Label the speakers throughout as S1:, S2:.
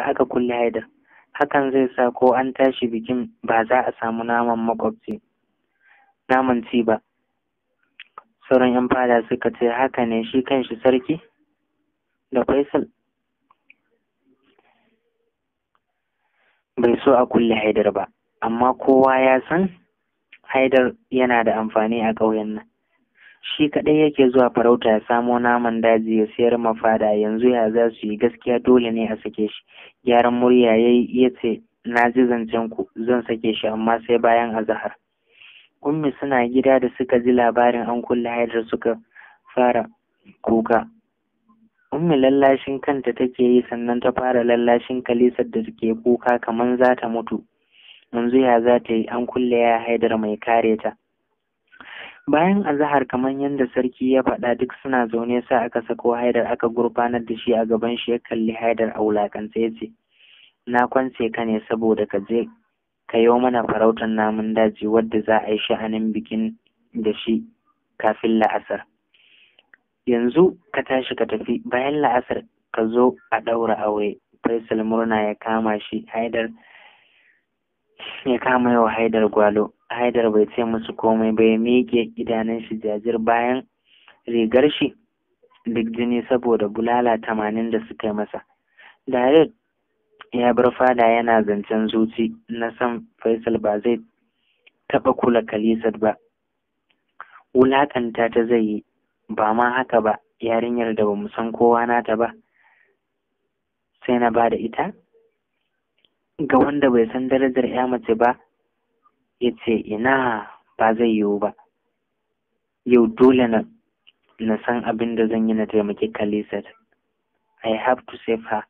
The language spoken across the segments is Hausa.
S1: Ka aka kulle haidar hakan zai sa ko an tashi bikin ba za a samu naman makwabci naman ci ba sauran yan fada suka ce haka ne shi kanshi sarki da faisal bai so a kulle haidar ba amma kowa ya san haidar yana da amfani a ƙauyen nan shi kaɗai yake zuwa farauta ya samo naman daji ya sayar ma fada yanzu ya za su yi gaskiya dole ne a sake shi gyaran murya ya yi ya ce na ji zancen ku zan sake shi amma sai bayan azahar ummi suna gida da suka ji labarin an kulle haidar suka fara kuka ummi lallashin kanta take yi sannan ta fara lallashin kalisar da ke kuka kamar za ta mutu yanzu ya za ta yi an kulle ya haidar mai kare ta bayan azahar kamar yadda sarki ya faɗa duk suna zaune sa aka sako haidar aka gurfanar da shi a gaban shi ya kalli haidar a wulakance ya ce na kwance ka ne saboda ka je ka yi mana farautar namun daji wadda za a yi sha'anin bikin da shi kafin la'asar yanzu ka tashi ka tafi bayan la'asar ka zo a ɗaura aure faisal murna ya kama shi haidar ya kama yau haidar gwalo haidar bai ce musu komai bai miƙe idanun shi jajir bayan rigar shi duk jini saboda bulala tamanin da suka yi masa Dare ya bar fada yana zancen zuci na san faisal ba zai taɓa kula kalisat ba wulaƙanta ta zai yi ba ma haka ba yarinyar da ba mu san kowa nata ba sai na ba da ita ga wanda bai san darajar ya mace ba ya ce ina ba zai yiwu ba yau dole na na san abin da zan yi na taimaki Khalisat. I have to save her.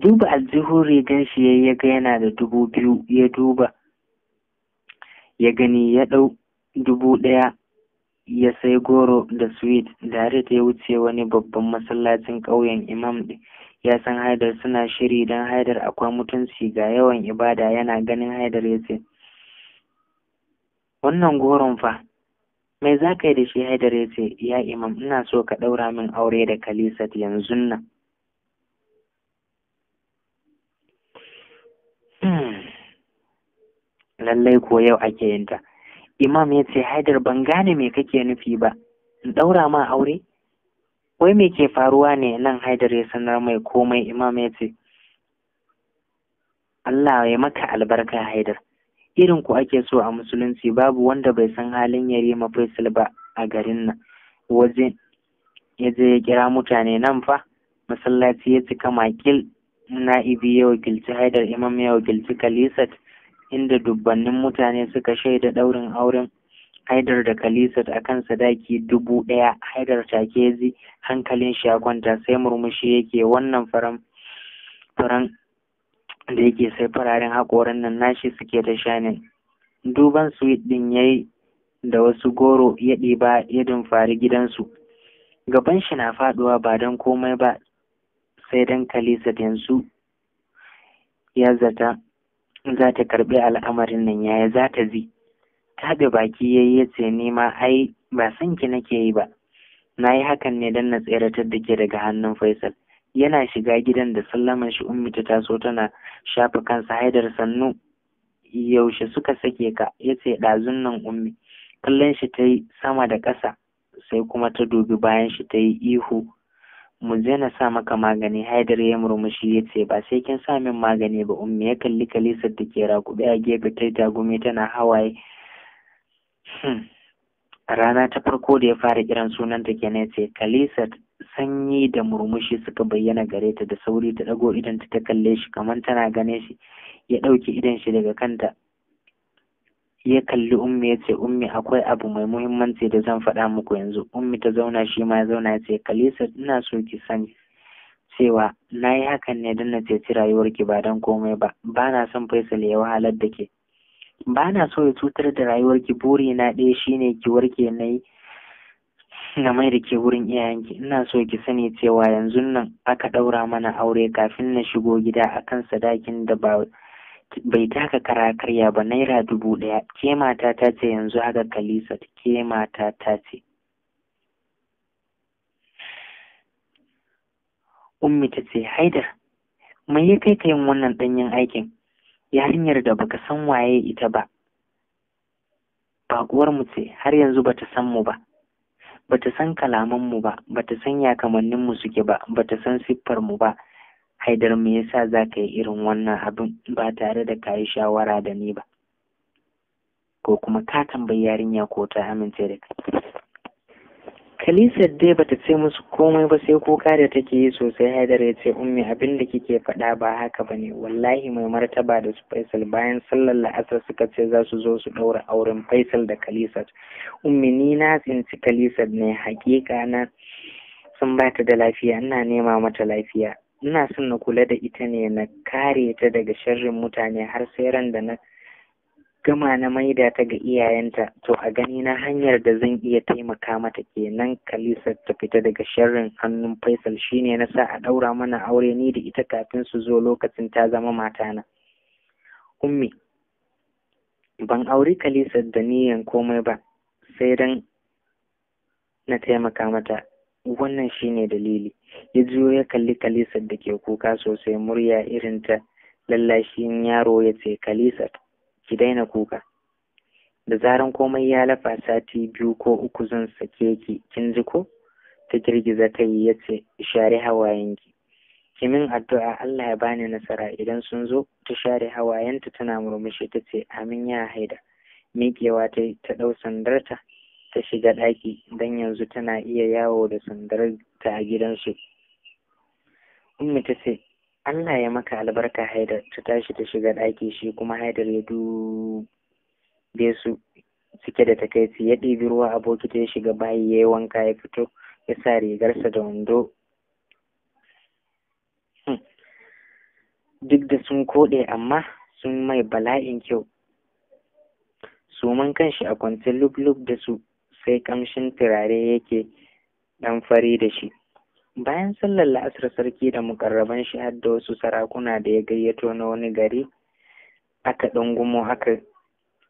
S1: Duba aljihun rigar shi ya ga yana da dubu biyu ya duba ya gani ya ɗau dubu ɗaya ya sai goro da sweet da ta ya wuce wani babban masallacin ƙauyen imam ya san haidar suna shiri don haidar akwai mutunci ga yawan ibada yana ganin haidar ya ce wannan goron fa mai za ka yi da shi haidar ya ce ya imam ina so ka ɗaura min aure da kalisat yanzu nan hmm. lallai ko yau ake yinta imam ya ce haidar ban gane me kake nufi ba in ɗaura ma aure wai me ke faruwa ne nan haidar ya sanar mai komai imam ya ce Allah ya maka albarka haidar irin ku ake so a musulunci babu wanda bai san halin yarima faisal ba a garin nan waje ya je ya kira mutane nan fa masallaci ya cika makil na'ibi ya wakilci haidar imam ya wakilci kalisat inda dubbannin mutane suka shaida ɗaurin auren haidar da kalisat a kan sadaki dubu ɗaya haidar takezi hankalin shi ya kwanta sai murmushi yake wannan faran faran da yake sai fararen haƙoran nan nashi suke ta shanin duban suwit ɗin yi da wasu goro ya ɗiba ya dumfari gidansu gaban shi na faɗuwa ba don komai ba sai don kalisat yanzu ya zata za ta karɓi al'amarin nan yaya za ta zi taɓe baki ya yi ya ce ni ai ba san ki nake yi ba na yi hakan ne don na tseratar da ke daga hannun faisal yana shiga gidan da sallaman shi ummi ta taso tana shafa kansa haidar sannu yaushe suka sake ka ya ce ɗazun nan ummi kallon shi ta yi sama da ƙasa sai kuma ta dubi bayan shi ta yi ihu mu zaina sa maka magani haidar ya murmushi ya ce ba sai kin sa min magani ba ummi ya kalli kalisar da ke rakuɓe a gefe ta tagumi tana hawaye Hmm. rana ta farko da ya fara kiran sunanta kenan ya ce kalisar sanyi da murmushi suka bayyana gare ta da sauri ta dago idan ta kalle shi kamar tana gane shi ya ɗauki idan shi daga kanta ya kalli ummi ya ce ummi akwai abu mai muhimmanci da zan faɗa muku yanzu ummi ta zauna shi ma ya zauna ya ce kalisa ina so ki sani cewa na yi hakan ne don na ceci rayuwarki ba don komai ba ba na son faisal ya wahalar da ke ba na so ya cutar da rayuwarki buri na ɗaya shine ki warke na yi na mai da ke wurin iyayenki ina so ki sani cewa yanzu nan aka ɗaura mana aure kafin na shigo gida akan sadakin da ba bai taka kara karya ba naira dubu ɗaya ke mata ta ce yanzu haka kalisa ke mata ta ce ummi ta ce haidar mai ya kai kayan yin wannan ɗanyen aikin yarinyar da baka san waye ita ba baƙuwar mu ce har yanzu bata san mu ba bata san kalaman mu ba bata san ya kamannin mu suke ba bata san siffar mu ba haidar me yasa za ka yi irin wannan abin ba tare da ka yi shawara da ni ba ko kuma ka tambayi yarinya ko ta amince da kai Kalisa dai bata ce musu komai ba sai kuka da take yi sosai Haidar ya ce ummi abin da kike faɗa ba haka ba ne. wallahi mai martaba da su Faisal bayan sallar la'asar suka ce za su zo su ɗaura auren Faisal da Kalisa. Ummi ni na tsinci Kalisa ne hakika na sun bata da lafiya ina nema mata lafiya ina son na kula da ita ne na kare ta daga sharrin mutane har sai ran da na gama na maida ta ga iyayenta to a gani na hanyar da zan iya taimaka mata kenan kalisa ta fita daga sharrin hannun faisal shine na sa a ɗaura mana aure ni da ita kafin su zo lokacin ta zama matana ummi ban auri kalisa da niyan komai ba sai dan na taimaka mata wannan shine dalili ya juyo ya kalli kalisar da ke kuka sosai murya irin ta lallashin yaro ya ce kalisar ki daina kuka da zaran komai ya lafa sati biyu ko uku zan sake ki kin ji ko ta girgiza ta ya ce share hawayenki ki min addu'a Allah ya bani nasara idan sun zo ta share hawayenta tana murmushi ta ce amin ya haida miƙewa ta ta ɗau sandarta ta shiga ɗaki don yanzu tana iya yawo da sandarta a gidansu ummi ta ce Allah ya maka albarka Haidar ta tashi ta shiga ɗaki shi kuma Haidar ya dube su suke da takaici ya ɗibi ruwa a bokiti ya shiga bayi ya yi wanka ya fito ya sa rigarsa da wando hmm. duk da sun koɗe amma sun mai bala'in kyau suman kanshi a kwance lub-lub da su sai ƙamshin turare yake ɗan fari da shi bayan sallar la'asar sarki da mukarraban shi har da wasu sarakuna da ya gayyato na wani gari aka gumo aka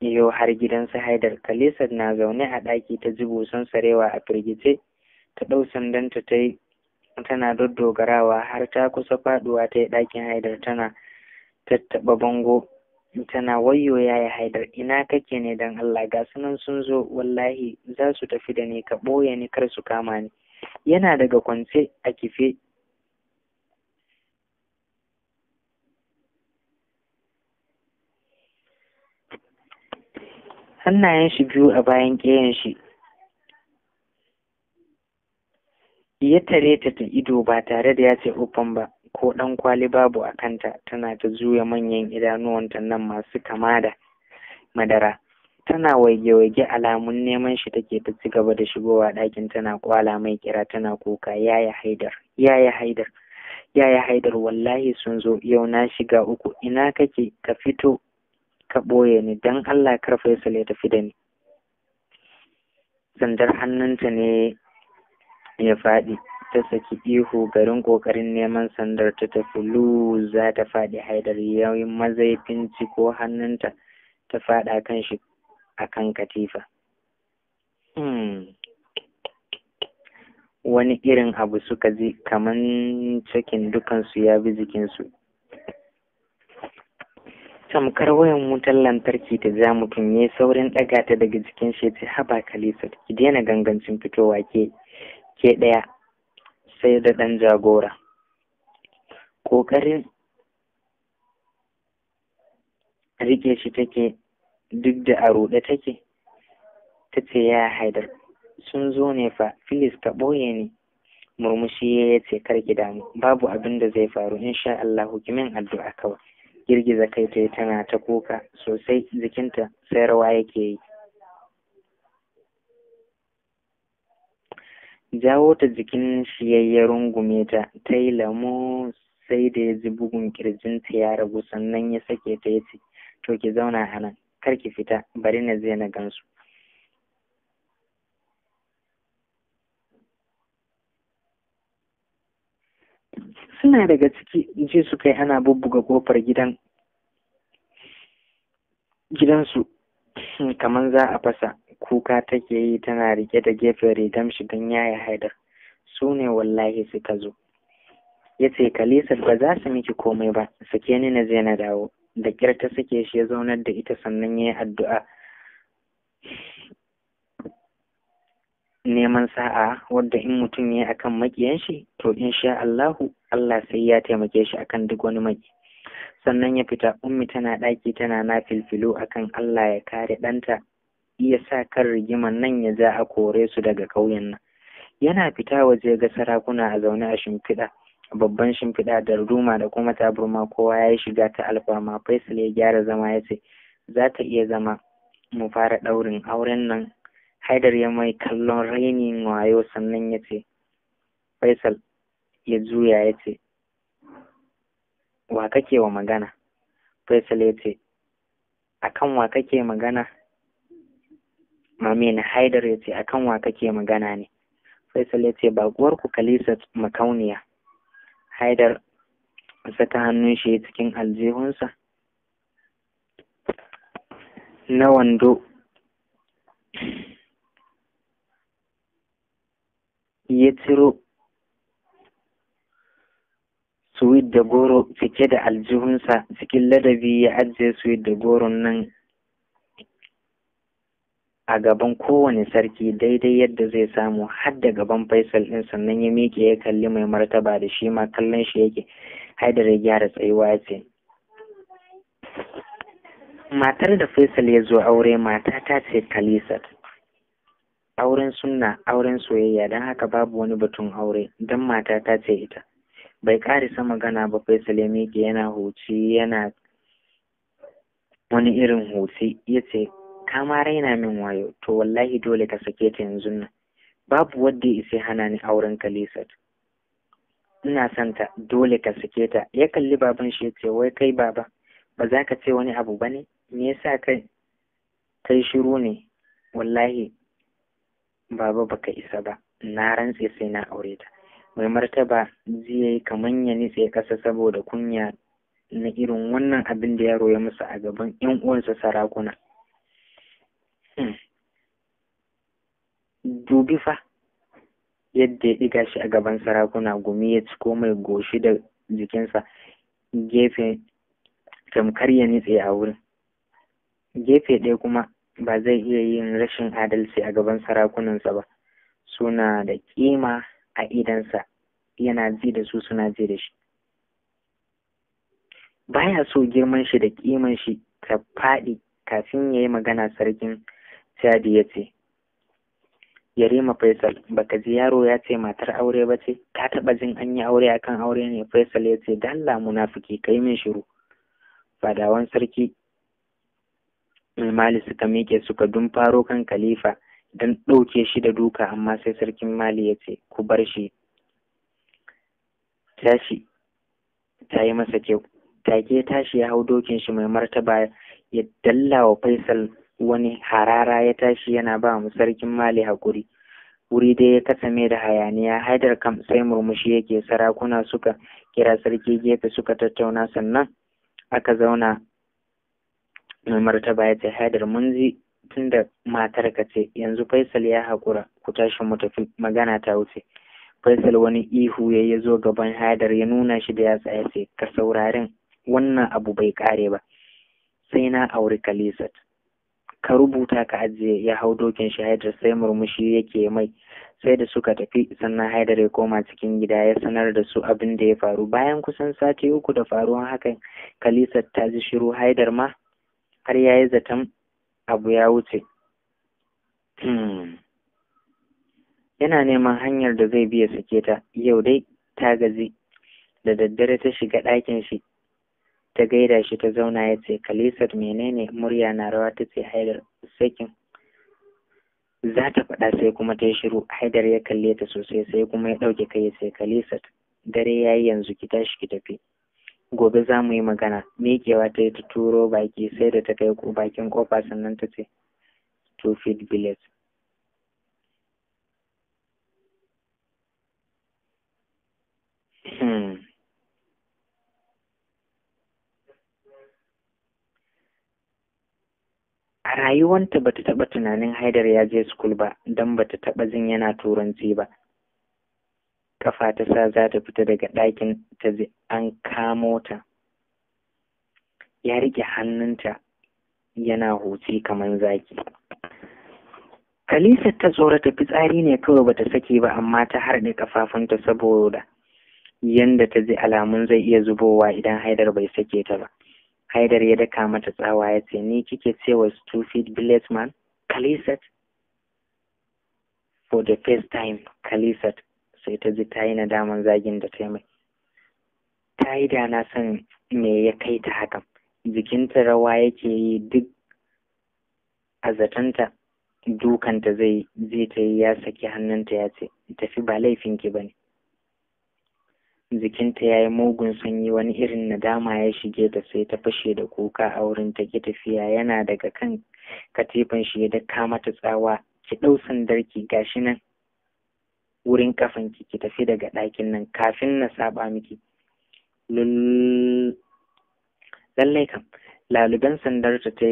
S1: yau har gidansa haidar kalisar na zaune a ɗaki ta ji busan sarewa a firgice ta ɗau sandanta ta yi tana dogarawa har ta kusa faɗuwa ta yi ɗakin haidar tana tattaɓa bango tana wayo yi haidar ina kake ne don allah ga sunan sun zo wallahi za su tafi da ni ka ɓoye ni kar su kama ni yana daga kwance a kife hannayen shi biyu a bayan ƙeyen shi ya tare ta ta ido ba tare da ya ce ufan ba ko ɗan kwali babu a kanta tana ta juya manyan idanuwanta nan masu kama da madara tana waige-waige alamun neman shi take ta ci gaba da shigowa ɗakin tana kwala mai kira tana kuka yaya haidar yaya haidar yaya haidar wallahi sun zo yau na shiga uku ina kake ka fito ka ɓoye ni don allah kar faisal ya tafi da ni sandar hannunta ne ya faɗi ta saki ihu garin ƙoƙarin neman sandar ta tafi lu za ta faɗi haidar yayin mazaifin ko hannunta ta faɗa kan shi Akan kan katifa hmm. wani irin abu suka ji kaman cikin dukansu ya bi jikinsu tamkar wayan wutar lantarki ta ja mutum ya saurin ɗaga ta daga jikin shi ta haba kalisa ki daina gangancin fitowa ke ke ɗaya sai da ɗan jagora ƙoƙarin rike shi take duk da a ruɗe take ta ce ya haidar sun zo ne fa filis ka ɓoye ni murmushi ya ya ce kar ki damu babu abin da zai faru insha Allah hukumin addu'a kawai girgiza kai ta tana ta kuka sosai jikinta sai rawa yake yi jawo ta jikin shiyayyar rungume ta ta yi lamu sai da ya ji bugun kirjinta ya ragu sannan ya sake ta ya ce to ki zauna a nan kar ki fita bari na zai na gansu suna daga ciki je su kai ana bubbuga kofar gidan gidansu kamar za a fasa kuka take yi tana rike da gefen rigar shi don yaya haidar su ne wallahi suka zo ya ce kalisar ba za su miki komai ba sake ni na zai na dawo da kyar ta sake shi ya zaunar da ita sannan ya yi addu'a neman sa'a wadda in mutum ya yi akan makiyan shi to in sha Allahu Allah sai ya taimake shi akan duk wani maki sannan ya fita ummi tana ɗaki tana na filfilo akan Allah ya kare ɗanta iya sa kan rigiman nan ya za a kore su daga ƙauyen nan yana fita waje ga sarakuna a zaune a shimfiɗa babban shimfiɗa da ruma da kuma taburma kowa ya yi shiga ta alfarma faisal ya gyara zama ya ce za ta iya zama mu fara ɗaurin auren nan haidar ya mai kallon rainin wayo sannan ya ce faisal ya juya ya ce wa kake wa magana faisal ya ce a kan wa kake magana mamina haidar ya ce a kan wa kake magana ne faisal ya ce baƙuwar ku kalisat makauniya haidar saka hannun shi cikin aljihunsa na wando ya ciro suwit da goro cike da aljihunsa cikin ladabi ya ajiye suwit da goron nan a gaban kowane sarki daidai yadda zai samu har da gaban faisal ɗin sannan ya miƙe ya kalli mai martaba da shi ma kallon shi yake haidar ya gyara tsayuwa ce matar da faisal ya zo aure mata ta ce kalisat auren sunna auren soyayya don haka babu wani batun aure don mata ta ce ita bai sama magana ba faisal ya miƙe yana huci yana wani irin huci ya ce kama raina min wayo to wallahi dole ka sake ta yanzu nan babu wadda ya isa hana ni auren kalisat ina son ta dole ka sake ta ya kalli baban shi ya ce wai kai baba ba za ka ce wani abu ba ne me yasa kai kai shiru ne wallahi baba baka isa ba na rantse sai na aure ta mai martaba zai yi kaman ya nitse kasa saboda kunya na irin wannan abin da yaro ya musu a gaban 'yan uwansa sarakuna dubi fa yadda ya ɗiga shi a gaban sarakuna gumi ya ciko mai goshi da jikinsa gefe tamkar ya nitse a wurin gefe ɗaya kuma ba zai iya yin rashin adalci a gaban sarakunansa ba suna da kima a idansa yana ji da su suna ji da shi baya so girman shi da kiman shi ta faɗi kafin ya yi magana sarkin Sadi ya ce, Yarima Faisal, baka ji yaro ya ce matar aure ba ce, ka taɓa jin an yi aure a kan aure ne Faisal ya ce, Dalla munafiki kai min shiru. Fadawan sarki Mali suka miƙe suka dun faro kan Khalifa don ɗauke shi da duka amma sai sarkin Mali ya ce, ku bar shi. Tashi, ta yi masa kyau. Take tashi ya hau dokin shi mai martaba ya dallawa Faisal wani harara ya tashi yana ba mu sarkin mali hakuri wuri dai ya kasame da hayaniya haidar kam sai murmushi yake sarakuna suka kira sarki gefe suka tattauna sannan aka zauna mai martaba ya ce haidar mun ji tun da matar ka ce yanzu faisal ya haƙura ku tashi mu tafi magana ta wuce faisal wani ihu ya yi zo gaban haidar ya nuna shi da ya tsaya ce ka saurarin wannan abu bai kare ba sai na auri kalisat ka rubuta ka ajiye ya hau dokin shi haidar sai murmushi yake mai sai da suka tafi sannan haidar ya koma cikin gida ya sanar da su abin da ya faru bayan kusan sati uku da faruwan hakan kalisa ta ji shiru haidar ma har ya yi zaton abu ya wuce hmm. yana neman hanyar da zai biya sake ta yau dai ta gaji da daddare ta shiga ɗakin shi ta gaida shi ta zauna ya ce kalisar menene murya na rawa ta ce haidar sakin za ta faɗa sai kuma ta shiru haidar ya kalle ta sosai sai kuma ya ɗauke kai ya ce kalisat dare ya yi yanzu ki tashi ki tafi gobe za mu yi magana miƙewa ta yi ta turo baki sai da ta kai bakin kofa sannan ta ce to feed village a rayuwanta bata taɓa tunanin haidar ya je skul ba don bata taɓa jin yana turanci ba kafa ta sa za ta fita daga ɗakin ta ji an kamo ta ya rike hannunta yana huci kamar zaki Kalisar ta tsorata fitsari ne kawai bata sake ba amma ta harɗe kafafunta saboda yanda ta ji alamun zai iya zubowa idan haidar bai sake ta ba Haidar ya daka mata tsawa ya ce ni kike ce wa stupid billet man kalisat for the first time kalisat sai ta ji ta yi nadaman zagin da ta mai ta yi da na san me ya kai ta haka jikinta rawa yake yi duk a zatanta dukanta zai zai ta yi ya saki hannunta ya ce tafi ba laifinki ba ne jikinta ya yi mugun sanyi wani irin nadama ya shige da sai ta fashe da kuka a wurin ta ki tafiya yana daga kan katifan shi ya daka mata tsawa ki ɗau sandarki gashi nan wurin kafan ki ki tafi daga ɗakin nan kafin na saba miki lallai kam laluben sandarta ta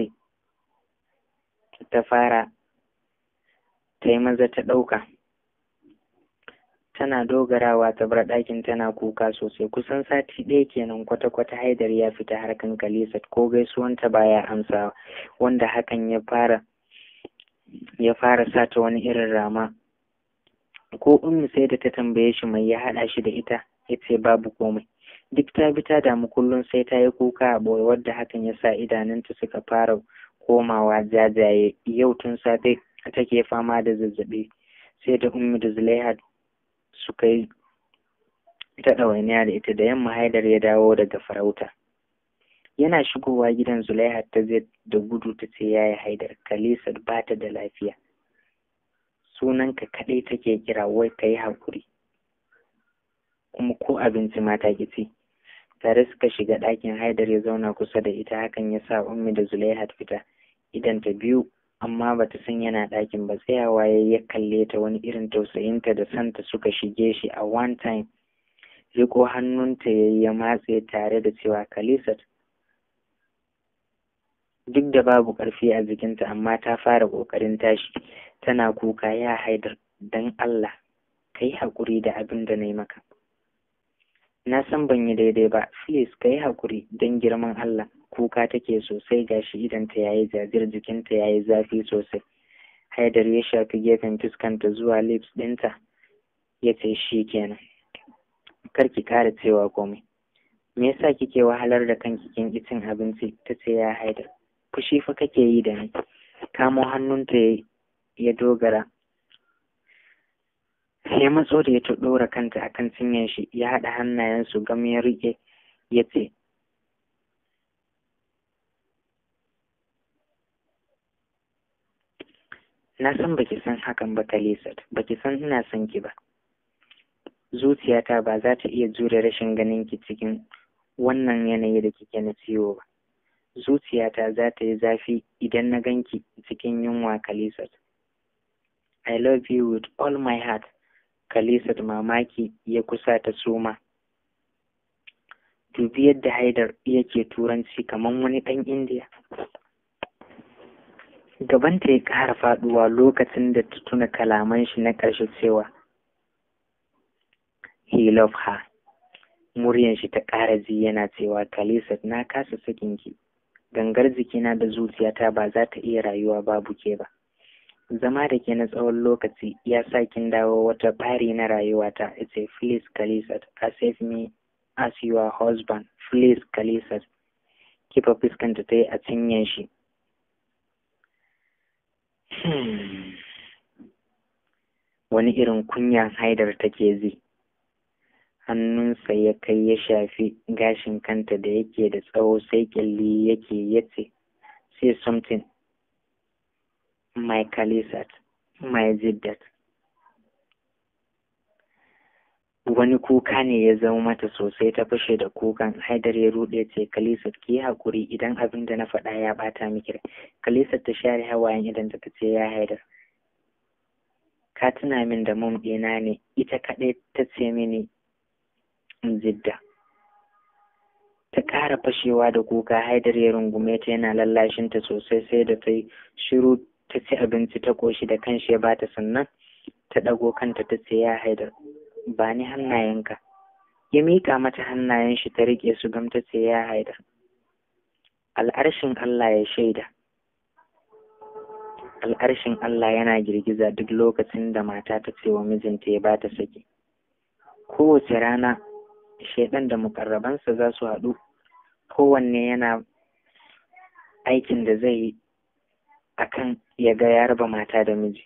S1: ta fara ta yi maza ta ɗauka tana dogarawa ta bar ɗakin tana kuka sosai kusan sati ɗaya kenan kwata-kwata haidar ya fita harkan kalisat ko gaisuwanta baya amsawa wanda hakan ya fara ya fara sata wani irin rama ko ummi sai da ta tambaye shi mai ya haɗa shi da ita ya ce babu komai duk ta bi ta damu kullum sai ta yi kuka a boye wadda hakan ya sa idanunta suka fara komawa jajaye yau tun safe take fama da zazzaɓi sai da ummi da zulaihat suka yi ta ɗawainiya da ita da yamma haidar ya dawo daga farauta yana shigowa gidan zulaiha ta zai da gudu ta ce ya yi haidar kalisa ba ta da lafiya sunanka kaɗai take kira wai ka yi haƙuri kuma ko abinci mata ki tare suka shiga ɗakin haidar ya zauna kusa da ita hakan ya sa ummi da zulaiha fita idan ta biyu amma ba ta san yana ɗakin ba tsayawa ya ya kalle ta wani irin tausayinta da santa suka shige shi a one time riko hannunta ya ya matse tare da cewa kalisat duk da babu ƙarfi a jikinta amma ta fara ƙoƙarin tashi tana kuka ya haidar don allah ka yi haƙuri da abin da na yi maka na san ban yi daidai ba please ka yi haƙuri don girman allah kuka take sosai gashi idanta yayi jajir jikinta yayi zafi sosai haidar ya shafi gefen fuskanta zuwa lips ɗinta ya ce shi kenan kar ki ƙara cewa komai me yasa kike wahalar da kanki kin ki cin abinci ta ce ya haidar fushi fa kake yi da ni kamo hannunta ya dogara ya matso da ya ɗora kanta akan cinyan shi ya haɗa hannayensu gam ya riƙe ya ce na san baki san hakan ba kalisat baki san ina son ki ba zuciyata ba za ta iya jure rashin ganin ki cikin wannan yanayi da kike na ciwo ba zuciyata za ta yi zafi idan na ganki cikin yunwa kalisat i love you with all my heart kalisat mamaki ya kusa ta suma dubi yadda haidar yake turanci kamar wani ɗan indiya gabanta ya ƙara faɗuwa lokacin da ta tuna kalaman shi na ƙarshe cewa he love her muryan shi ta ƙara ji yana cewa Kalisa na kasa sakin ki gangar jikina da zuciyata ba za ta iya rayuwa babu ke ba zama da ke na tsawon lokaci ya sa kin dawo wata bari na rayuwata it's a please kalisat accept me as your husband please kalisa kifa fuskanta ta yi a cinyen shi wani irin kunyan haidar take zai. hannunsa ya kai ya shafi gashin kanta da yake da tsawo sai kyalli yake yace say something my kalisat my zidat wani kuka ne ya zama mata sosai ta fashe da kukan haidar ya rude ce kalisa ki haƙuri idan abin da na faɗa ya bata miki rai. kalisa ta share hawayen idan ta ce ya haidar ka tuna min da mun ɗina ne ita kaɗai ta ce mini in zidda ta ƙara fashewa da kuka haidar ya rungume ta yana ta sosai sai da ta shiru ta ci abinci ta ƙoshi da kanshi ya bata sannan ta ɗago kanta ta ce ya haidar ba ni hannayenka ya miƙa mata hannayen shi ta riƙe su gamta ce ya haida al'arshin Allah ya shaida al'arshin Allah yana girgiza duk lokacin da mata ta ce wa mijinta ya bata saki kowace rana shaidan da mukarrabansa za su haɗu kowanne yana aikin da zai yi akan ya ga ya raba mata da miji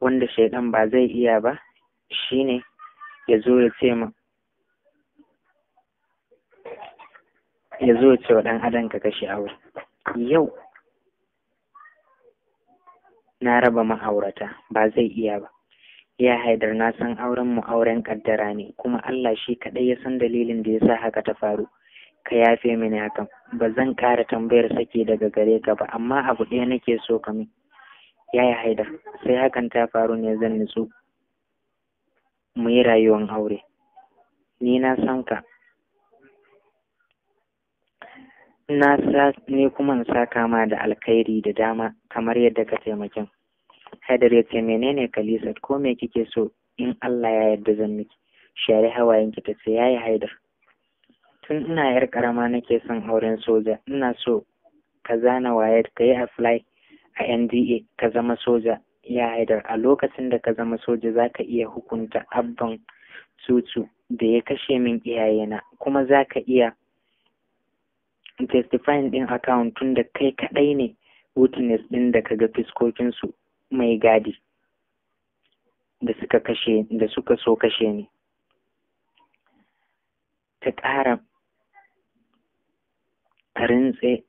S1: wanda shaidan ba zai iya ba shine ya zo ya ce ya zo ce wa ɗan adam ka kashe aure yau na raba ma'aurata ba zai iya ba ya haidar na san auren mu auren kaddara ne kuma Allah shi kaɗai ya san dalilin da ya sa haka ta faru ka yafe mini hakan ba zan ƙara tambayar sake daga gare ka ba amma abu ɗaya nake so ka min yaya haidar sai hakan ta faru ne zan nutsu mu yi rayuwan aure ni na san ka na sa ne kuma in saka ma da alkhairi da dama kamar yadda ka taimakin haidar ya ce menene kalisa, ko me kike so in Allah ya yarda zan miki share hawayen ki ta ce yayi haidar tun ina yar karama nake son auren soja ina so ka zana wayar ka yi a fly a NDA ka zama soja Ya Haidar, a lokacin da ka zama soja za ka iya hukunta abban tsutsu da ya kashe min iyayena, kuma za ka iya testifying ɗin account tun da kai kaɗai ne witness ɗin da ka ga fiskokinsu mai gadi da suka kashe da suka so kashe ni. Ta ƙara rintse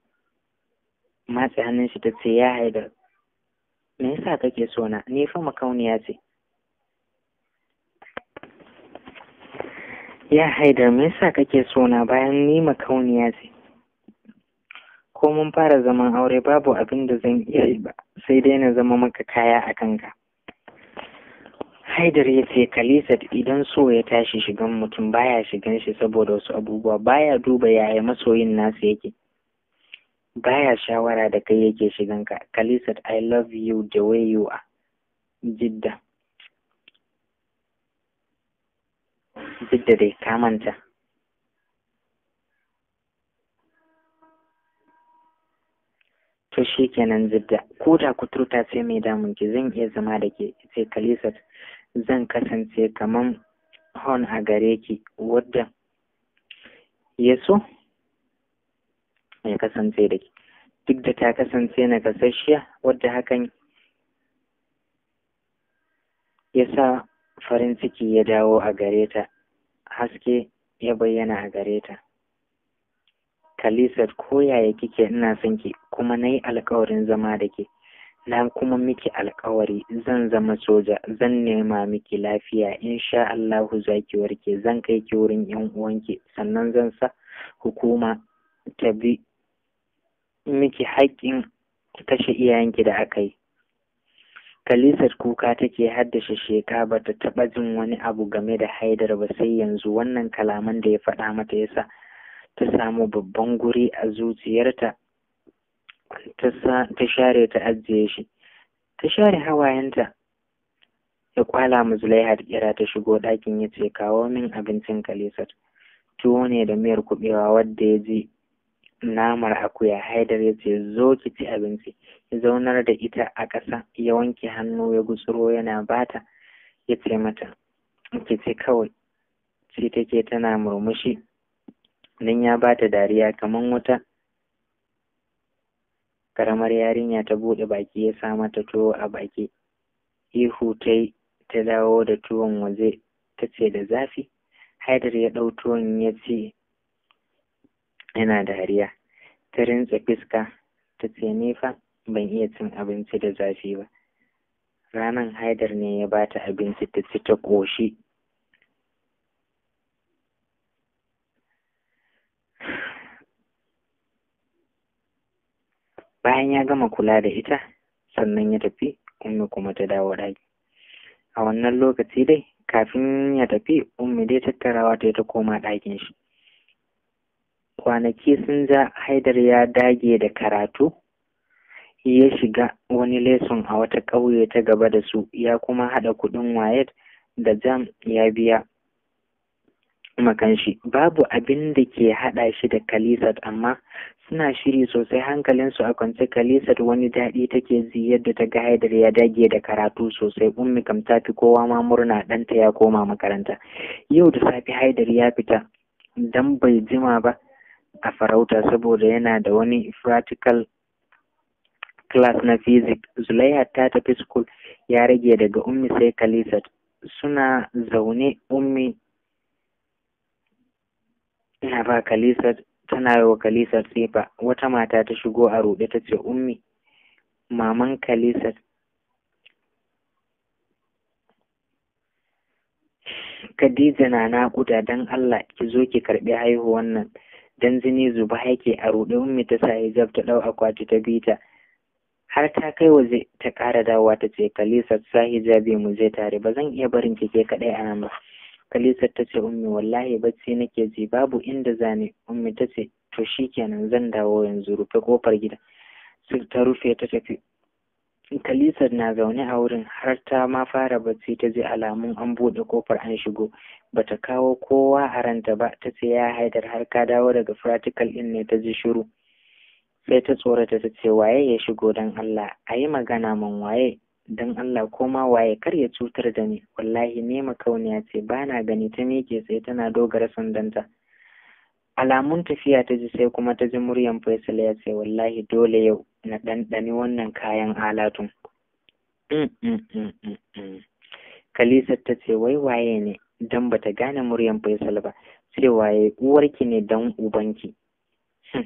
S1: matse hannun shi ta ce ya haidar me yasa kake so na ni fa makauniya ce ya haidar me yasa kake so na bayan ni makauniya ce ko mun fara zaman aure babu abin da zan iya yi ba sai dai na zama maka kaya a kanka haidar ya ce kalisat idan so ya tashi shigan mutum baya shigan shi saboda wasu abubuwa baya duba yaya masoyin nasa yake baya shawara da kai yake shiganka kalisat i love you the way you are jidda jidda dai kamanta to shi kenan jidda ko da kuturta sai mai damun ki zan iya zama da ke sai kalisat zan kasance kaman hon a gare ki wadda ya so ya kasance da duk da ta kasance na gasasshiya wadda hakan ya sa farin ciki ya dawo a gare ta haske ya bayyana a gare ta koyaya kike ina son ki kuma na yi alkawarin zama da ke na kuma miki alkawari zan zama soja zan nema miki lafiya in sha Allahu za ki warke zan kai ki wurin yan uwanki sannan zan sa hukuma ta bi miki haƙƙin kashe iyayenki da aka yi kalisar kuka take haddasa sheka ba ta taɓa jin wani abu game da haidar ba sai yanzu wannan kalaman da ya faɗa mata yasa ta samu babban guri a zuciyarta ta share ta ajiye shi ta share hawayenta ya kwala mu zulaiha kira ta shigo ɗakin ya ce kawo min abincin kalisar tuwo ne da miyar kuɓewa wadda ya ji namar akuya haidar ya ce zo ki ci abinci ki zaunar da ita a ƙasa ya wanke hannu ya gutsuro yana bata ya ce mata ki ce kawai ce take tana murmushi nan ya bata dariya kamar wata karamar yarinya ta buɗe baki ya sa mata tuwo a baki ihu ta yi ta dawo da tuwon waje ta ce da zafi haidar ya ɗau tuwon ya ce yana dariya ta rintse fiska ta ce ni fa ban iya cin abinci da zafi ba ranan haidar ne ya bata abinci ta ci ta ƙoshi bayan ya gama kula da ita sannan ya tafi ummi kuma ta dawo ɗaki a wannan lokaci dai kafin ya tafi ummi dai tattarawa ta ta koma ɗakin shi kwanaki sun ja haidar ya dage da karatu ya shiga wani leson a wata ƙauye ta gaba da su ya kuma haɗa kuɗin wayet da jam ya biya makanshi babu abin da ke haɗa shi da kalisat amma suna shiri sosai hankalinsu a kwance kalisat wani daɗi take ji yadda ta ga haidar ya dage da karatu sosai ummi kamta fi kowa ma murna ɗanta ya koma makaranta yau da safe haidar ya fita dan bai jima ba a farauta saboda yana da wani practical class na physics Zulaiha ta tafi school ya rage daga ummi sai Khalisat suna zaune ummi na ba Khalisat tana yi wa Khalisat tsifa wata mata ta shigo a ruɗe ta ce ummi maman Khalisat Khadija na naƙuda don Allah ki zo ki karɓi haihuwan nan dan zini zuba yake a ruɗe ummi ta sa hijab ta ɗau akwati ta bi ta har ta kai waje ta ƙara dawowa ta ce kalisa sa hijabi mu je tare ba zan iya barin ki ke kaɗai a nan ba kalisa ta ce ummi wallahi bacci nake ji babu inda zane ummi ta ce to shikenan zan dawo yanzu rufe kofar gida ta rufe ta tafi Kalisar na zaune a wurin har ta ma fara bacci ta ji alamun an buɗe kofar an shigo bata kawo kowa a ranta ba ta ce ya haidar har ka dawo daga practical ɗin ne ta ji shiru sai ta tsorata ta ce waye ya shigo don Allah a yi magana man waye don Allah ko ma waye kar ya cutar da ni wallahi ne makauniya ce ba na gani ta miƙe sai tana dogara sandanta alamun tafiya ta ji sai kuma ta ji muryan Faisal ya ce wallahi dole yau na ɗanɗani wannan kayan alatun mm, mm, mm, kalisa ta ce wai waye ne don bata gane muryan faisal ba sai waye uwarki ne don ubanki hm,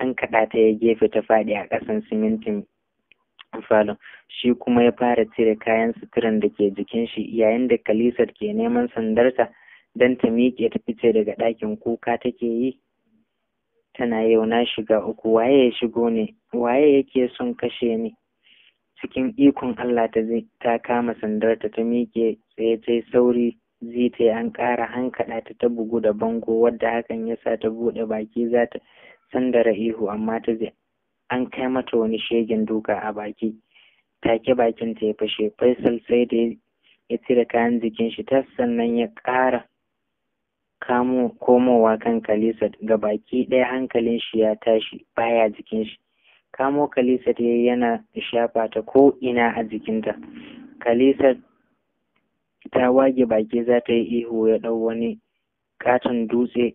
S1: an kaɗa ta ya gefe ta faɗi a ƙasan simintin falon shi kuma ya fara cire kayan suturan da ke jikin shi yayin da kalisar ke neman sandarta don ta miƙe ta fice daga ɗakin kuka take yi tana yau na shiga uku waye ya shigo ne waye yake son kashe ni cikin ikon Allah ta ta kama sandar ta miƙe tsaye ta sauri zita an ƙara hankaɗa ta ta bugu da bango wadda hakan ya sa ta buɗe baki za ta sanda ihu amma ta an kai mata wani shegen duka a baki take bakin ta ya fashe faisal sai da ya cire kayan jikin shi ta sannan ya ƙara kamo komowa kan Khalisat baki ɗaya hankalin shi ya tashi baya jikin shi kamo Khalisat ya yana shafa ta ko ina a jikinta Khalisat ta wage baki za ta yi ihu ya ɗau wani katon dutse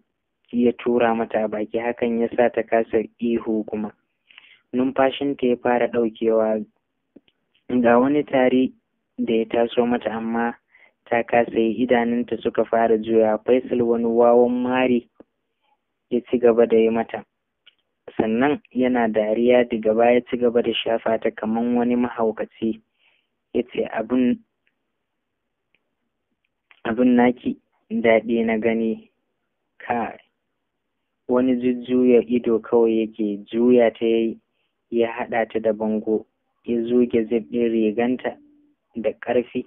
S1: ya tura mata a baki hakan ya sa ta kasa ihu kuma numfashinta ya fara ɗaukewa ga wani tari da ya taso mata amma ta kasa yi idanunta suka fara juya faisal wani wawan mari ya ci gaba da yi mata sannan yana dariya daga baya ci gaba da shafa ta kaman wani mahaukaci ya ce abin abin naki daɗi na gani ka wani jujjuya ido kawai yake juya ta yayi ya haɗa ta da bango ya zuge zip ɗin riganta da ƙarfi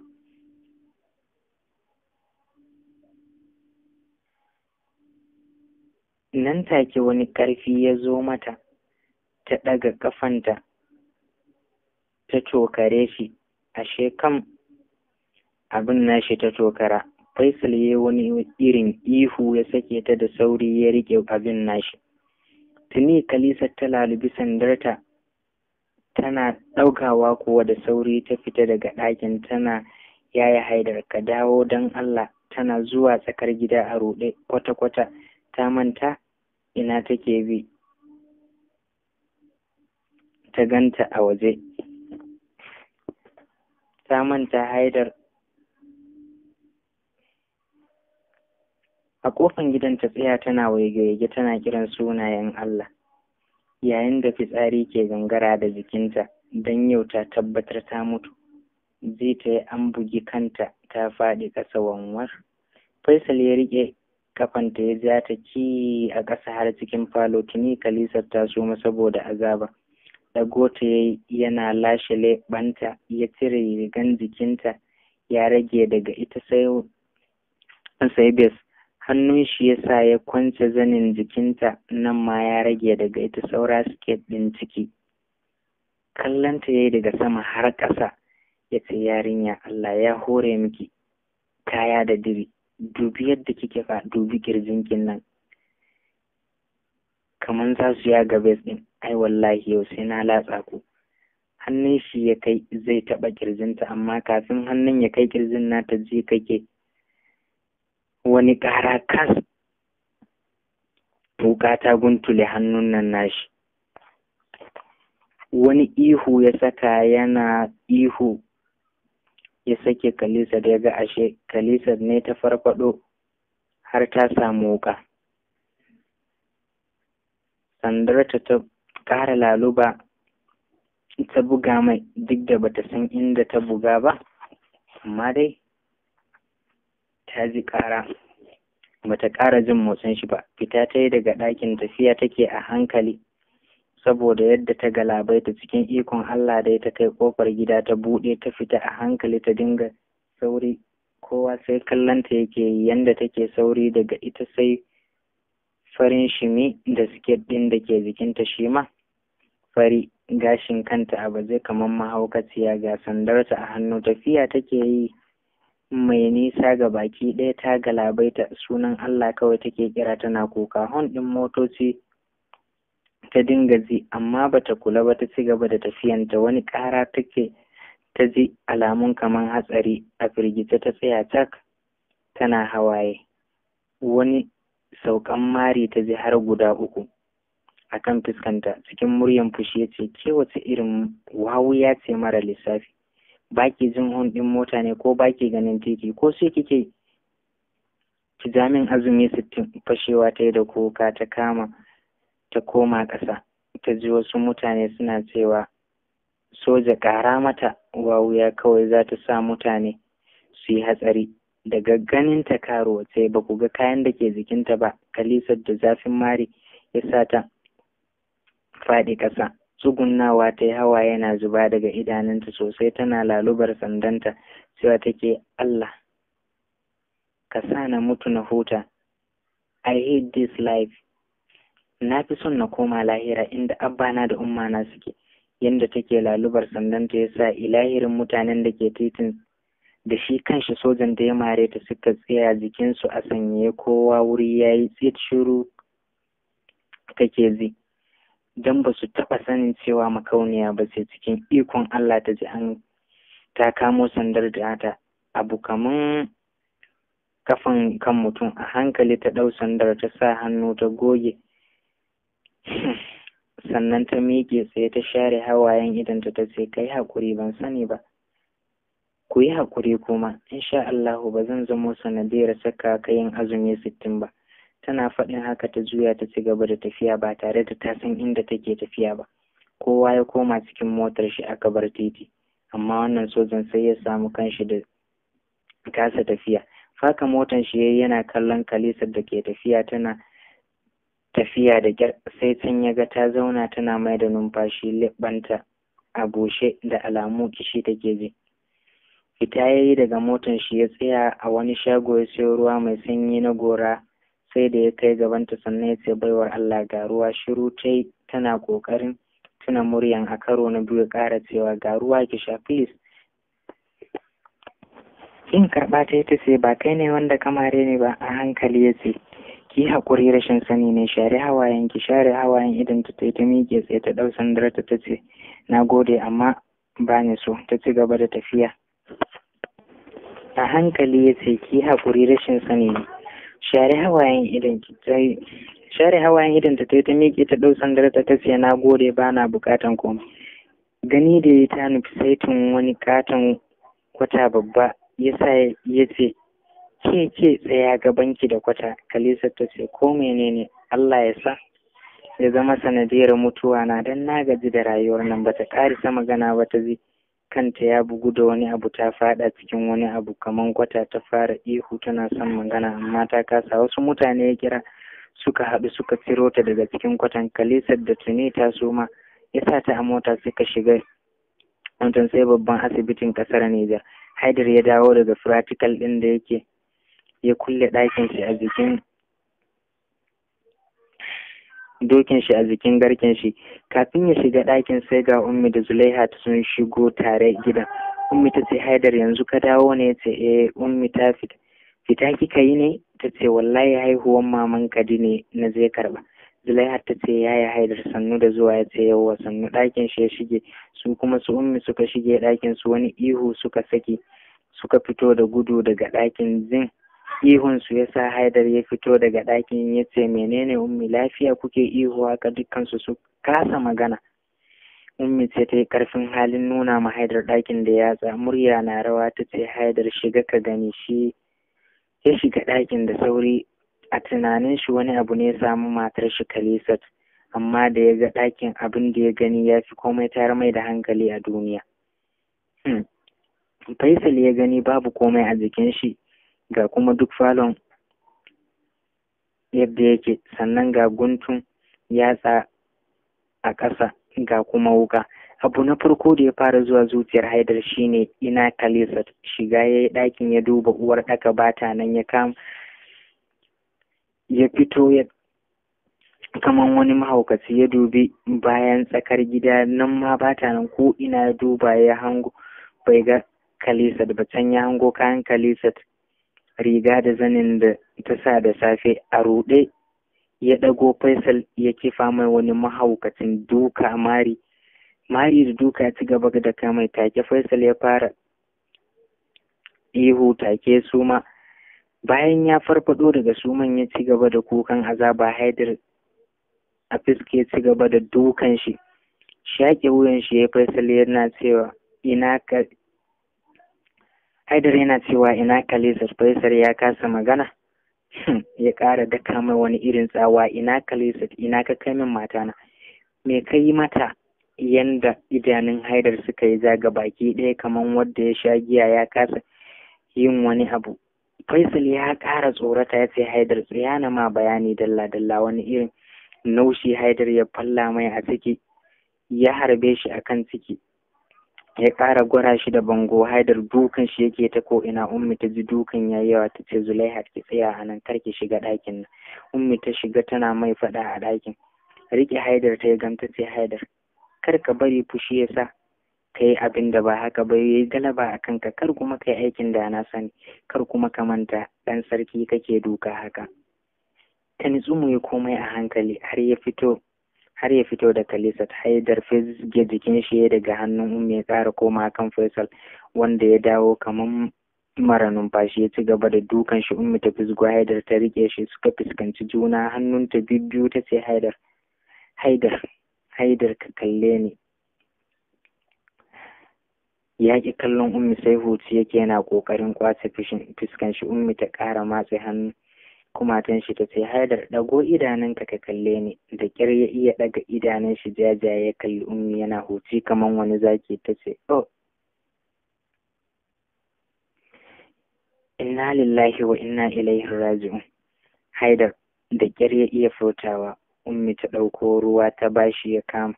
S1: nan take wani ƙarfi ya zo mata ta ɗaga ƙafanta ta cokare shi ashe kam abin nashi ta cokara faisal ya wani irin ihu ya sake ta da sauri ya riƙe abin nashi tuni kalisar ta lalubi sandarta tana ɗaukawa kuwa da sauri ta fita daga ɗakin tana yaya haidar ka dawo don allah tana zuwa tsakar gida a ruɗe kwata-kwata ta manta ina take bi ta ganta a waje ta manta haidar a kofan gidan ta tsaya tana waigayage tana kiran sunayen Allah yayin da fitsari ke gangara da jikinta don yau ta tabbatar ta mutu zai ta yi an bugi kanta ta faɗi ƙasa wanwar faisal ya rike. kafanta ya ja ta ki a ƙasa har cikin falo tuni kalisar ta suma saboda azaba ɗago ta yana lashe leɓanta ya cire rigan jikinta ya rage daga ita sai bes hannun shi ya sa ya kwance zanin jikinta nan ma ya rage daga ita saura siket ɗin ciki kallonta ya yi daga sama har ƙasa ya ce yarinya Allah ya hore miki kaya da diri dubi yadda kike ka dubi ƙirjin nan kaman za su ya gaba ɗin ai wallahi yau sai na latsa ku hannun shi ya kai zai taɓa kirjinta amma kafin hannun ya kai kirjin nata ji kake wani kara kas tuka ta guntule hannun nan nashi wani ihu ya saka yana ihu ya sake kalisar ya ga ashe kalisar ne ta farfado har ta samu wuka sandarta ta ƙara laluba ta buga mai duk da bata san inda ta buga ba amma dai ta ji ƙara bata ƙara jin motsin shi ba fita ta yi daga ɗakin tafiya take a hankali saboda yadda ta galabaita cikin ikon Allah dai ta kai kofar gida ta buɗe ta fita a hankali ta dinga sauri kowa sai kallonta yake yi yanda take sauri daga ita sai farin shimi da siket ɗin da ke jikinta shi ma fari gashin kanta a baje kamar mahaukaciya ga sandarta a hannu tafiya take yi mai nisa ga baki ɗaya ta galabaita sunan Allah kawai take kira tana kuka hon ɗin motoci ta dinga ji amma bata kula ba ta ci gaba da tafiyanta wani ƙara take ta ji alamun kaman hatsari a firgice ta tsaya cak tana hawaye wani saukan mari ta ji har guda uku a kan fuskanta cikin muryan fushi ya ce ke wace irin wawuya ce mara lissafi baki jin hundin mota ne ko baki ganin titi ko sai kike ki jamin azumi sittin fashewa ta yi da kuka ta kama ta koma ƙasa ta ji wasu mutane suna cewa soja ƙara mata wa wuya kawai za ta sa mutane su yi hatsari daga ganin ta karuwa sai ba ku ga kayan da ke jikinta ba kalisar da zafin mari ya sa ta faɗi ƙasa tsugunnawa ta yi hawa yana zuba daga idanunta sosai tana lalubar sandanta cewa take Allah ka sa na mutu na huta I hate this life na fi son na koma lahira inda abbana da ummana suke yadda take lalubar sandan ta yasa ilahirin mutanen da ke titin da shi kanshi sojan da ya mare ta suka tsaya jikinsu a sanyaye kowa wuri ya yi tsit shiru kake ji don ba su taɓa sanin cewa makauniya ba sai cikin ikon Allah ta ji an ta kamo sandar da ta abu kaman kafan kan mutum a hankali ta ɗau sandar ta sa hannu ta goge sannan ta miƙe tsaye ta share hawayen idonta ta ce kai haƙuri ban sani ba ku yi haƙuri kuma insha Allah ba zan zamo sanadiyar saka ka yin azumi sittin ba tana faɗin haka ta juya ta ci gaba da tafiya ba tare da ta san inda take tafiya ba kowa ya koma cikin motar shi aka bar titi amma wannan sojan sai ya samu kanshi da kasa tafiya faka motar shi yana kallon kalisar da ke tafiya tana tafiya da ƙyar sai can ya ga ta zauna tana mai da numfashi leɓanta a bushe da alamu kishi ta ji fita ya yi daga motan shi ya tsaya a wani shago ya siyo ruwa mai sanyi na gora sai da ya kai gabanta sannan ya ce baiwar Allah ga ruwa shiru ta yi tana ƙoƙarin tuna muryan a karo na biyu ƙara cewa ga ruwa ki sha please in karɓa ta ta ce ba kai ne wanda kamare ne ba a hankali ya ce ki haƙuri rashin sani ne share hawayen ki share hawayen idan ta ta miƙe tsaye ta ɗau sandara ta tace na gode amma ba ni so ta ci gaba da tafiya a hankali ya ce ki haƙuri rashin sani ne share hawayen idan ki ta share hawayen idan ta ta miƙe ta ɗau sandara ta tace na gode ba na buƙatan komai gani da ya ta nufi saitin wani katon kwata babba ya sa ya ce ke ke tsaya banki da kwata kalisa ta ce ko menene Allah ya sa ya zama sanadiyar mutuwa na dan na gaji da rayuwar nan bata karisa magana ba ta ji kanta ya bugu da wani abu ta faɗa cikin wani abu kaman kwata ta fara ihu tana son magana amma ta kasa wasu mutane ya kira suka haɗu suka ciro ta daga cikin kwatan kalisar da tuni ta suma ya sa ta a mota suka shiga wancan sai babban asibitin kasar Nijar. Haidar ya dawo daga firatikal ɗin da yake ya kulle ɗakin shi a jikin dokin shi a jikin garken shi kafin ya shiga ɗakin sai ga ummi da zulaiha sun shigo tare gidan ummi ta ce haidar yanzu ka dawo ne ce eh ummi ta fita fita kika yi ne ta ce wallahi haihuwan maman kadi ne na zai karba zulaiha ta ce ya yi haidar sannu da zuwa ya ce yawa sannu ɗakin shi ya shige su kuma su ummi suka shige ɗakin su wani ihu suka saki suka fito da gudu daga ɗakin zin ihunsu ya sa haidar ya fito daga ɗakin ya ce menene ummi lafiya kuke ihu haka dukkan su kasa magana ummi ce ta yi ƙarfin halin nuna ma haidar ɗakin da yatsa murya na rawa ta ce haidar shiga ka gani shi ya shiga ɗakin da sauri a tunanin shi wani abu ne ya samu matar shi kalisat amma da ya ga ɗakin abin da ya gani ya fi komai tayar mai da hankali a duniya hmm. faisal ya gani babu komai a jikin shi ga kuma duk falon yadda yake sannan ga guntun yatsa a ƙasa ga kuma wuka abu na farko da ya fara zuwa zuciyar haidar shine ina kalisat shiga ya yi ɗakin ya duba uwar ɗaka ba ta nan ya kam ya fito ya kaman wani mahaukaci ya dubi bayan tsakar gida nan ma ba ta nan ko ina duba ya hango bai ga kalisat ba can ya hango kayan kalisat riga da zanin da ta sa da safe a ruɗe ya ɗago faisal ya kifa mai wani mahaukacin duka mari mari da duka ci gaba da kamai take faisal ya fara ihu take suma bayan ya farfado daga suman ya ci gaba da kukan azaba haidar a fiske ci gaba da dukan shi shaƙe wuyan shi ya faisal yana cewa ina ka haidar yana cewa ina kalisar Faisal ya kasa magana ya ƙara da mai wani irin tsawa ina kalisar ina ka kai min matana me ka yi mata yanda idanun haidar suka yi zaga baki ɗaya kamar wanda ya sha giya ya kasa yin wani abu faisal ya ƙara tsorata ya ce haidar tsayana ma bayani dalla dalla wani irin naushi haidar ya falla mai a ciki ya harbe shi akan ciki ya ƙara gwara shi da bango haidar dukan shi yake ta ko ina ummi ta ji dukan ya yawa ta ce zulaiha ki tsaya a nan karki shiga ɗakin nan ummi ta shiga tana mai faɗa a ɗakin riƙe haidar ta yi gamta ce haidar kar ka bari fushi ya sa ka yi abin da ba haka ba yi galaba a kanka kar kuma ka yi aikin da na sani kar kuma ka manta ɗan sarki kake duka haka ta nitsu mu yi komai a hankali har ya fito har ya fito da kalisat Haidar fizge jikin shi daga hannun Ummi ya tsara koma kan Faisal wanda ya dawo kamar mara numfashi ya ci gaba da dukan shi Ummi ta fizgo Haidar ta rike shi suka fuskanci juna hannunta biyu ta ce Haidar Haidar Haidar ka kalle ni ya ki kallon Ummi sai huci yake yana kokarin kwace fuskan shi Ummi ta kara matse hannu kumatan shi ta ce haidar ɗago idanunka ka kalle ni da ƙyar ya iya ɗaga idanun shi jajaye ya kalli ummi yana huci kamar wani zaki ta ce oh inna lillahi wa inna ilaihi raji'un haidar da ƙyar ya iya furtawa ummi ta ɗauko ruwa ta bashi ya kama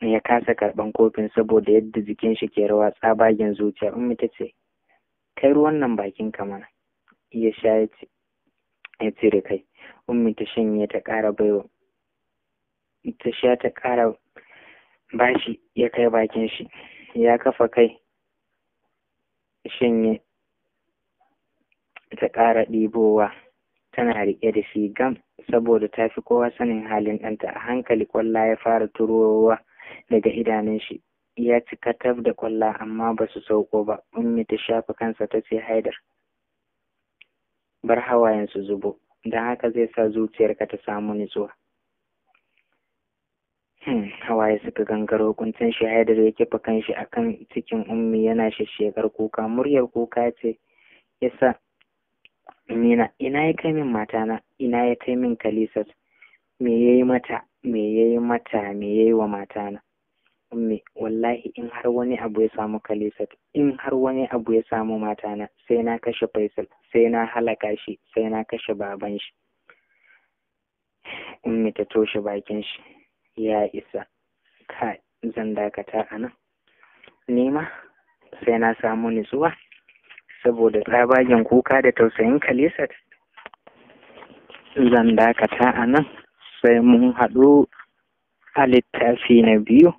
S1: ya kasa karban kofin saboda yadda jikin shi ke rawa tsabagen zuciya ummi ta ce kai ruwan nan bakin kamar ya sha ya ce ya cire kai ummi ta shanye ta ƙara baiwa ta sha ta ƙara bashi ya kai bakin shi ya kafa kai shanye ta ƙara ɗibowa tana riƙe da shi gam saboda ta fi kowa sanin halin ɗanta a hankali ƙwalla ya fara turowa daga idanun shi ya ci katab da ƙwalla amma ba su sauko ba ummi ta shafa kansa ta ce haidar bar hawayen su zubo don haka zai sa zuciyarka ta samu nutsuwa hmm, hawaye suka gangaro kuntun shi haidar ya kifa kanshi akan cikin ummi yana shishekar kuka muryar kuka ce yasa Nina, ina ya kai min matana, ina ya kai min kalisat, me ya mata, me ya yi mata, me ya yi wa matana. ummi wallahi in har wani abu ya samu kalisat in har wani abu ya samu matana sai na kashe faisal sai na halaka shi sai na kashe baban shi ummi ta toshe bakin shi ya isa ka zan dakata a nan nema sai na samu nutsuwa saboda tsabagen kuka da tausayin kalisat zan dakata a nan sai mun haɗu a littafi na biyu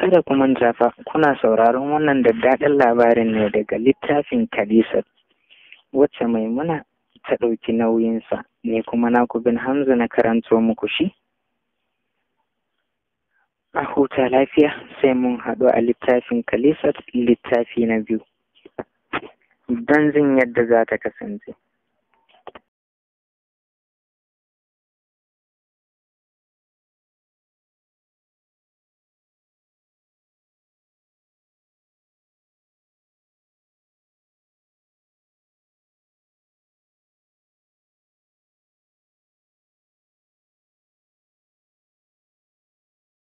S1: Kada ku manta fa kuna sauraron wannan daddaɗin labarin ne daga littafin Kadisat wacce maimuna ta ɗauki nauyinsa ne kuma na bin Hamza na karanto muku shi. A huta lafiya sai mun haɗu a littafin Kalisat littafi na biyu. Don jin yadda za ta kasance.